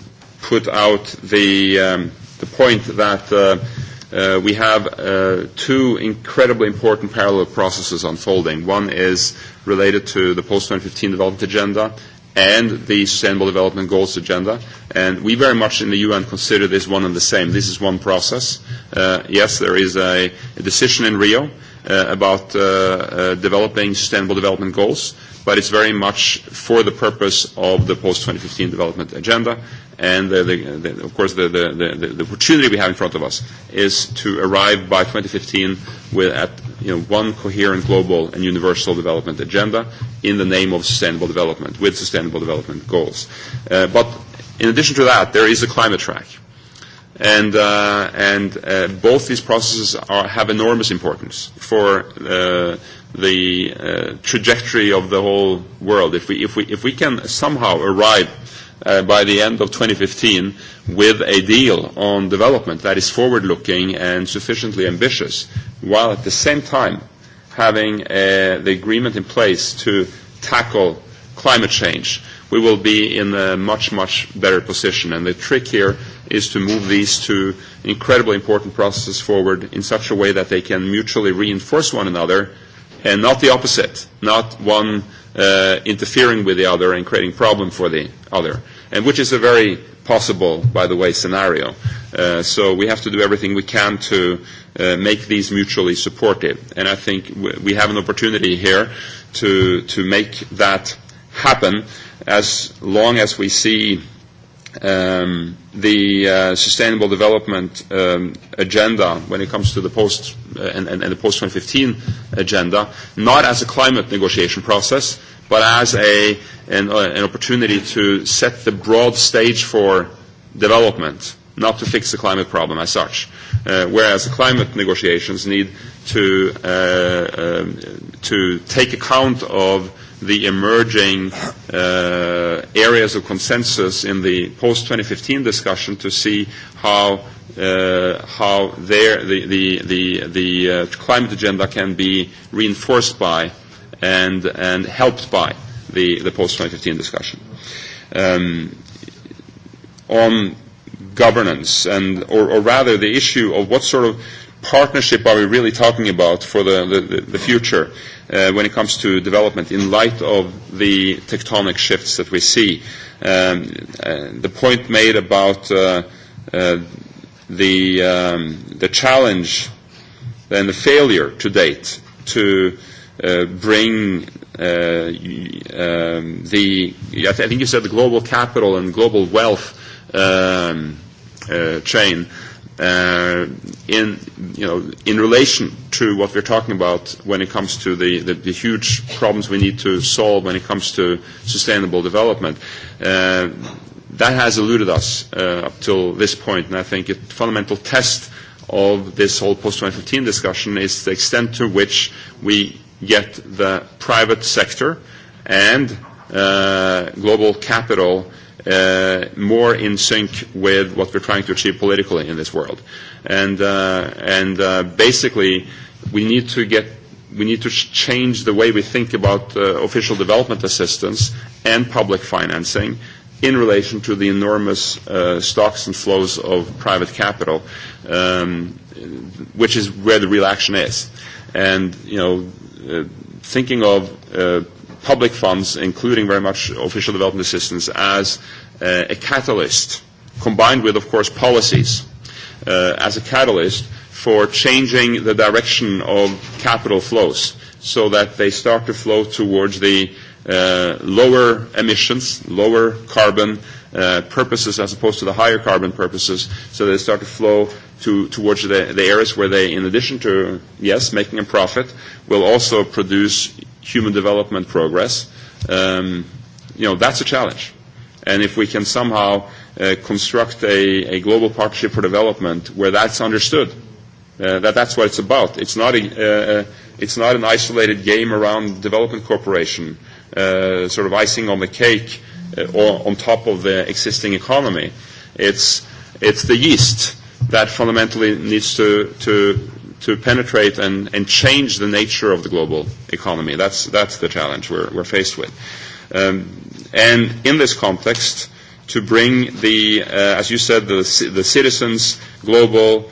put out the the point that we have two incredibly important parallel processes unfolding. One is related to the post-2015 development agenda and the Sustainable Development Goals agenda. And we very much in the UN consider this one and the same. This is one process. Yes, there is a decision in Rio about developing sustainable development goals, but it's very much for the purpose of the post-2015 development agenda. And, of course, the opportunity we have in front of us is to arrive by 2015 with at one coherent global and universal development agenda in the name of sustainable development, with sustainable development goals. But in addition to that, there is a climate track and and both these processes are have enormous importance for the trajectory of the whole world if we if we if we can somehow arrive by the end of 2015 with a deal on development that is forward looking and sufficiently ambitious while at the same time having the agreement in place to tackle climate change we will be in a much, much better position. And the trick here is to move these two incredibly important processes forward in such a way that they can mutually reinforce one another and not the opposite, not one interfering with the other and creating problem for the other, and which is a very possible, by the way, scenario. So we have to do everything we can to make these mutually supportive. And I think we have an opportunity here to make that happen as long as we see the sustainable development agenda when it comes to the post and the post 2015 agenda not as a climate negotiation process but as a an opportunity to set the broad stage for development not to fix the climate problem as such whereas the climate negotiations need to to take account of the emerging areas of consensus in the post-2015 discussion to see how how there the the the climate agenda can be reinforced by and and helped by the the post-2015 discussion. On governance and or rather the issue of what sort of partnership are we really talking about for the the future when it comes to development in light of the tectonic shifts that we see? The point made about the the challenge and the failure to date to bring the I think you said the global capital and global wealth chain in you know in relation to what we're talking about when it comes to the the huge problems we need to solve when it comes to sustainable development that has eluded us up till this point and i think a fundamental test of this whole post 2015 discussion is the extent to which we get the private sector and global capital more in sync with what we're trying to achieve politically in this world. And and basically, we need to get we need to change the way we think about official development assistance and public financing in relation to the enormous stocks and flows of private capital, which is where the real action is. And, you know, thinking of public funds, including very much official development assistance, as a catalyst, combined with, of course, policies, as a catalyst for changing the direction of capital flows so that they start to flow towards the lower emissions, lower carbon purposes as opposed to the higher carbon purposes, so they start to flow towards the areas where they, in addition to, yes, making a profit, will also produce human development progress, you know, that's a challenge. And if we can somehow construct a global partnership for development where that's understood, that that's what it's about. It's not it's not an isolated game around development cooperation, sort of icing on the cake or on top of the existing economy. It's it's the yeast that fundamentally needs to to to penetrate and and change the nature of the global economy. That's that's the challenge we're we're faced with. And in this context, to bring the, as you said, the the citizens' global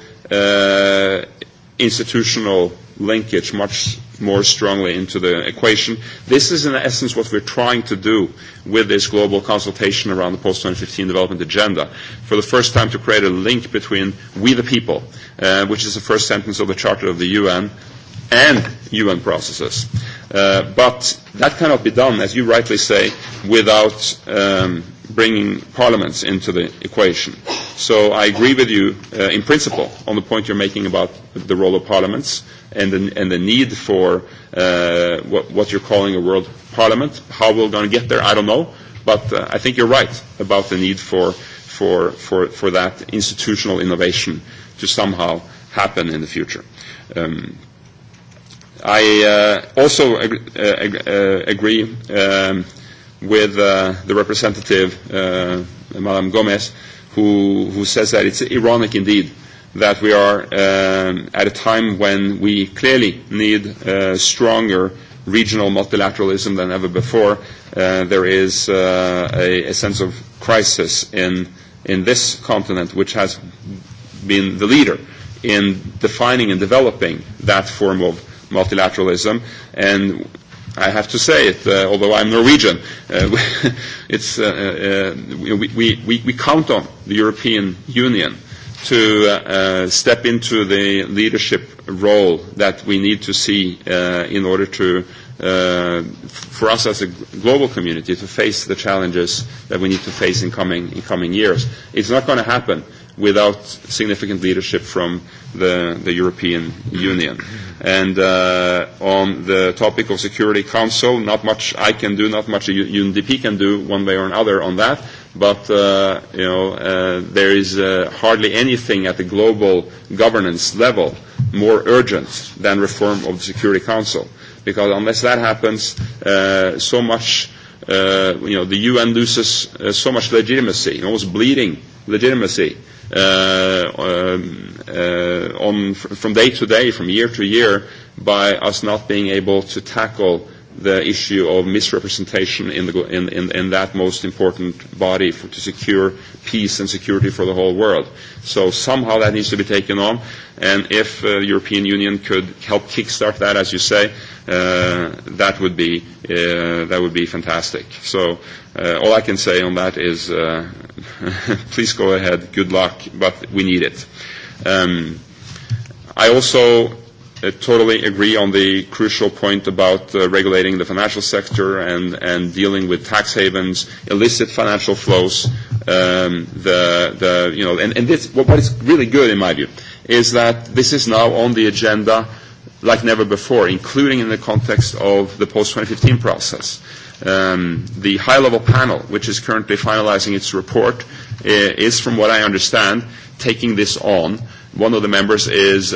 institutional linkage much more strongly into the equation. This is in essence what we're trying to do with this global consultation around the post-2015 development agenda. For the first time to create a link between we the people, which is the first sentence of the Charter of the UN, and UN processes. But that cannot be done, as you rightly say, without bringing parliaments into the equation. So I agree with you in principle on the point you're making about the role of parliaments and the need for what you're calling a world parliament. How we're going to get there, I don't know. But I think you're right about the need for that institutional innovation to somehow happen in the future. I also agree with the representative, Madame Gomez, who who says that it's ironic indeed that we are at a time when we clearly need stronger regional multilateralism than ever before. There is a sense of crisis in in this continent, which has been the leader in defining and developing that form of multilateralism. And I have to say it, although I'm Norwegian. It's we we we count on the European Union to step into the leadership role that we need to see in order to for us as a global community to face the challenges that we need to face in coming in coming years. It's not going to happen without significant leadership from the European Union. And on the topic of Security Council, not much I can do, not much UNDP can do one way or another on that, but you know there is hardly anything at the global governance level more urgent than reform of the Security Council, because unless that happens, so much you know the UN loses so much legitimacy, almost bleeding legitimacy on from day to day, from year to year, by us not being able to tackle the issue of misrepresentation in that most important body to secure peace and security for the whole world. So somehow that needs to be taken on, and if the European Union could help kickstart that, as you say, that would be that would be fantastic. So all I can say on that is please go ahead, good luck, but we need it. I also totally agree on the crucial point about regulating the financial sector and and dealing with tax havens, illicit financial flows. The the you know and and this what is really good in my view is that this is now on the agenda like never before, including in the context of the post-2015 process. The high-level panel, which is currently finalizing its report, is, from what I understand, taking this on. One of the members is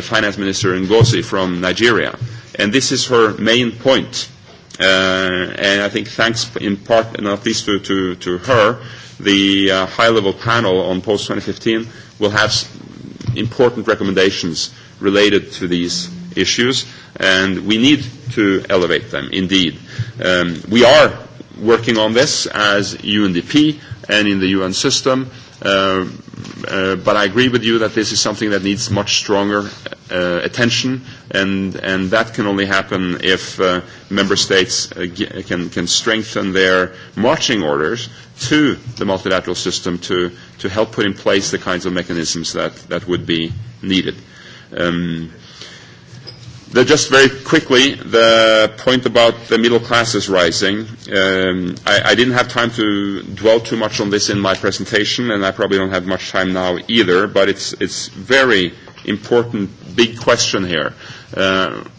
Finance Minister Ngozi from Nigeria. And this is her main point. And I think thanks in part, not least to her, the high-level panel on post-2015 will have important recommendations related to these issues, and we need to elevate them, indeed. We are working on this as UNDP and in the UN system But I agree with you that this is something that needs much stronger attention, and and that can only happen if member states can can strengthen their marching orders to the multilateral system to to help put in place the kinds of mechanisms that that would be needed. Just very quickly, the point about the middle classes rising. I didn't have time to dwell too much on this in my presentation, and I probably don't have much time now either, but it's it's very important, big question here.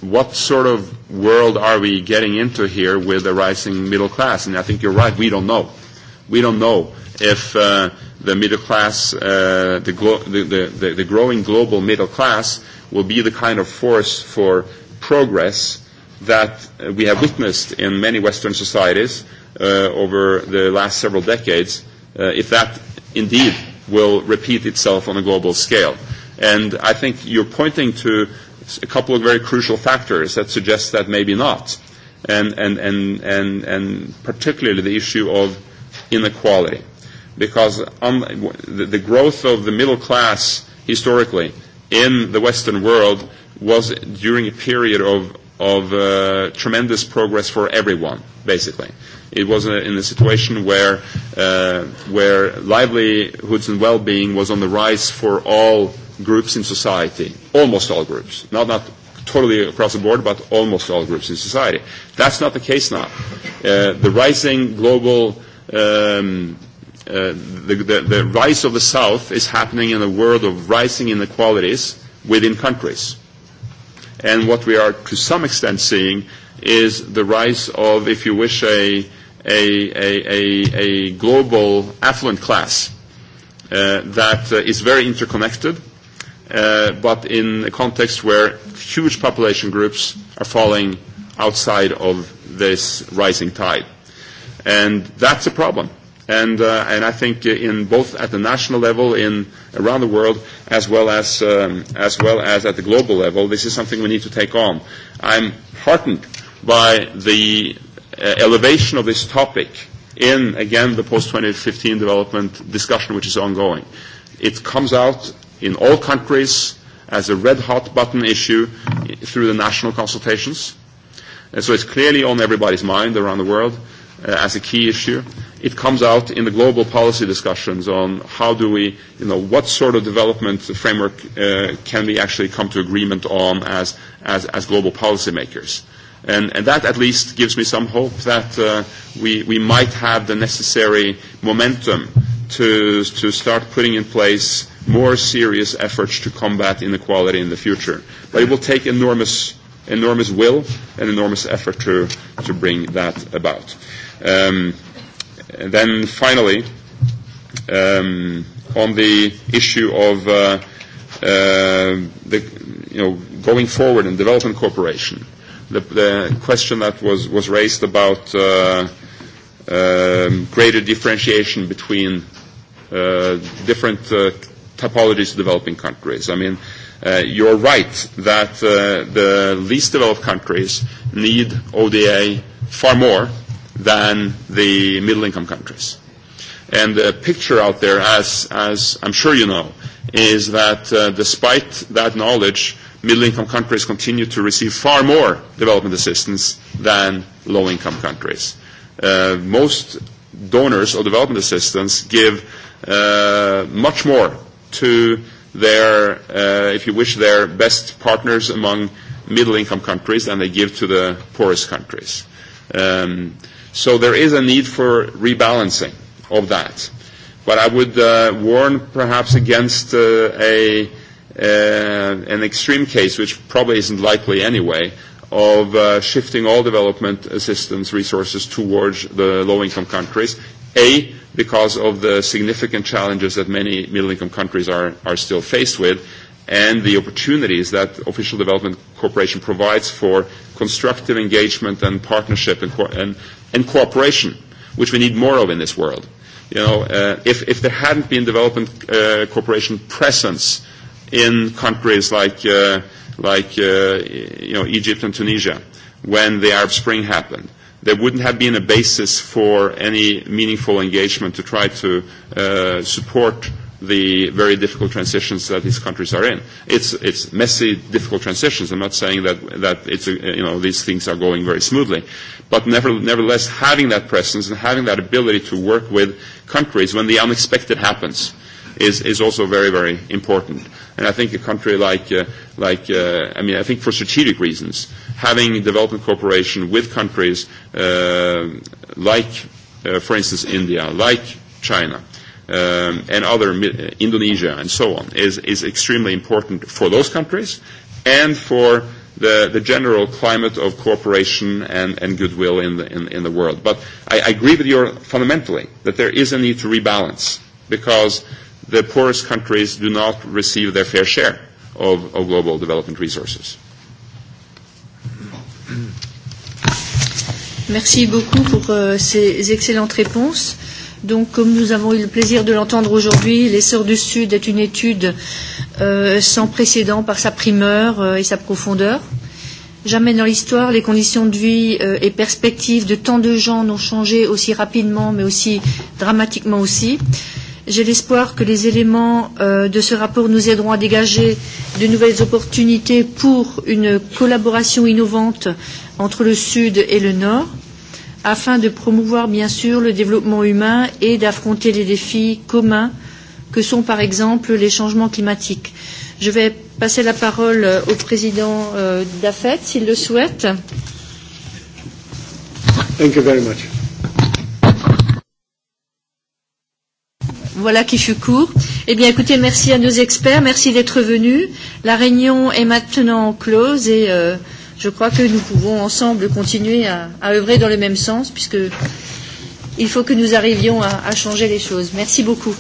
What sort of world are we getting into here with the rising middle class? And I think you're right, we don't know. We don't know if the middle class, the the the growing global middle class will be the kind of force for progress that we have witnessed in many Western societies over the last several decades, if that indeed will repeat itself on a global scale. And I think you're pointing to a couple of very crucial factors that suggest that maybe not, and and and and and particularly the issue of inequality, because the growth of the middle class historically in the Western world was during a period of of tremendous progress for everyone, basically. It was in a situation where where livelihoods and well-being was on the rise for all groups in society, almost all groups, not not totally across the board, but almost all groups in society. That's not the case now. The rising global the rise of the South is happening in a world of rising inequalities within countries. And what we are to some extent seeing is the rise of, if you wish, a a global affluent class that is very interconnected, but in a context where huge population groups are falling outside of this rising tide. And that's a problem and I think in both at the national level in around the world as well as as well as at the global level this is something we need to take on. I'm heartened by the elevation of this topic in again the post 2015 development discussion which is ongoing. It comes out in all countries as a red hot button issue through the national consultations. So it's clearly on everybody's mind around the world as a key issue it comes out in the global policy discussions on how do we, you know, what sort of development framework can we actually come to agreement on as as as global policymakers. And and that at least gives me some hope that we we might have the necessary momentum to to start putting in place more serious efforts to combat inequality in the future. But it will take enormous enormous will and enormous effort to to bring that about. Um And then finally, um, on the issue of the, you know, going forward in development cooperation, the, the question that was, was raised about greater differentiation between different uh, typologies of developing countries. I mean, you're right that the least developed countries need ODA far more than the middle-income countries. And the picture out there, as as I'm sure you know, is that despite that knowledge, middle-income countries continue to receive far more development assistance than low-income countries. Most donors of development assistance give much more to their, if you wish, their best partners among middle-income countries than they give to the poorest countries. So there is a need for rebalancing of that. But I would warn perhaps against a an extreme case, which probably isn't likely anyway, of shifting all development assistance resources towards the low-income countries, A, because of the significant challenges that many middle-income countries are are still faced with, and the opportunities that official development cooperation provides for constructive engagement and partnership and and cooperation, which we need more of in this world. You know, if there hadn't been development cooperation presence in countries like like you know Egypt and Tunisia when the Arab Spring happened, there wouldn't have been a basis for any meaningful engagement to try to support the very difficult transitions that these countries are in. It's, it's messy, difficult transitions. I'm not saying that, that it's, you know, these things are going very smoothly. But nevertheless, having that presence and having that ability to work with countries when the unexpected happens is, is also very, very important. And I think a country like, like I mean, I think for strategic reasons, having development cooperation with countries like, for instance, India, like China, and other Indonesia and so on is is extremely important for those countries and for the the general climate of cooperation and and goodwill in the in the world. But I agree with you fundamentally that there is a need to rebalance because the poorest countries do not receive their fair share of global development resources. Merci beaucoup pour ces excellentes réponses. Donc, comme nous avons eu le plaisir de l'entendre aujourd'hui, l'essor du Sud est une étude sans précédent par sa primeur et sa profondeur. Jamais dans l'histoire, les conditions de vie et perspectives de tant de gens n'ont changé aussi rapidement, mais aussi dramatiquement aussi. J'ai l'espoir que les éléments de ce rapport nous aideront à dégager de nouvelles opportunités pour une collaboration innovante entre le Sud et le Nord afin de promouvoir bien sûr le développement humain et d'affronter les défis communs que sont par exemple les changements climatiques. Je vais passer la parole au président d'AFET s'il le souhaite. Thank you very much. Voilà qui fut court. Eh bien, écoutez, merci à nos experts, merci d'être venus. La réunion est maintenant close et je crois que nous pouvons ensemble continuer à, œuvrer dans le même sens, puisque il faut que nous arrivions à, à changer les choses. Merci beaucoup.